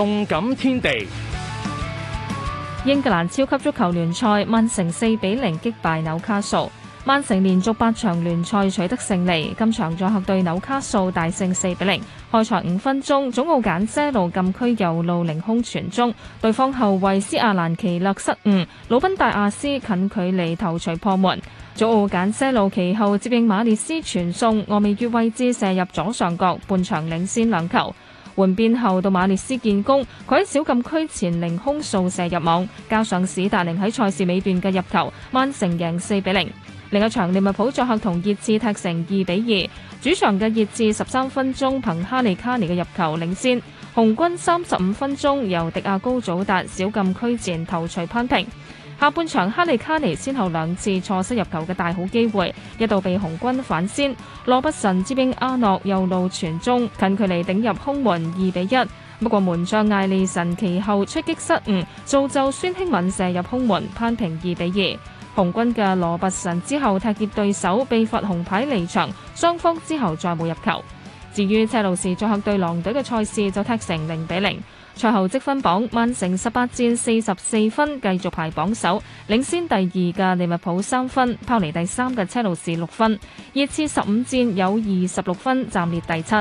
動感天地，英格蘭超級足球聯賽，曼城四比零擊敗紐卡素，曼城連續八場聯賽取得勝利，今場作客對紐卡素大勝四比零。開賽五分鐘，祖奧簡·些路禁區右路凌空傳中，對方後衛斯亞蘭奇勒失誤，魯賓大阿斯近距離頭槌破門。祖奧簡·些路其後接應馬列斯傳送，喺未越位位置射入左上角，半場領先兩球。換邊後到馬列斯建功，佢喺小禁區前凌空掃射入網，加上史達寧喺賽事尾段嘅入球，曼城贏四比零。另一場利物浦作客同熱刺踢成二比二，主場嘅熱刺十三分鐘憑哈利卡尼嘅入球領先，紅軍三十五分鐘由迪亞高祖達小禁區前頭槌扳平。下半場，哈利卡尼先後兩次錯失入球嘅大好機會，一度被紅軍反先。羅拔臣之兵阿諾右路傳中，近距離頂入空門，二比一。不過門將艾利神其後出擊失誤，造就孫興敏射入空門，扳平二比二。紅軍嘅羅拔臣之後踢跌對手，被罰紅牌離場，雙方之後再冇入球。至於車路士作客對狼隊嘅賽事就踢成零比零。賽後積分榜，曼城十八戰四十四分，繼續排榜首，領先第二嘅利物浦三分，拋離第三嘅車路士六分。熱刺十五戰有二十六分，暫列第七。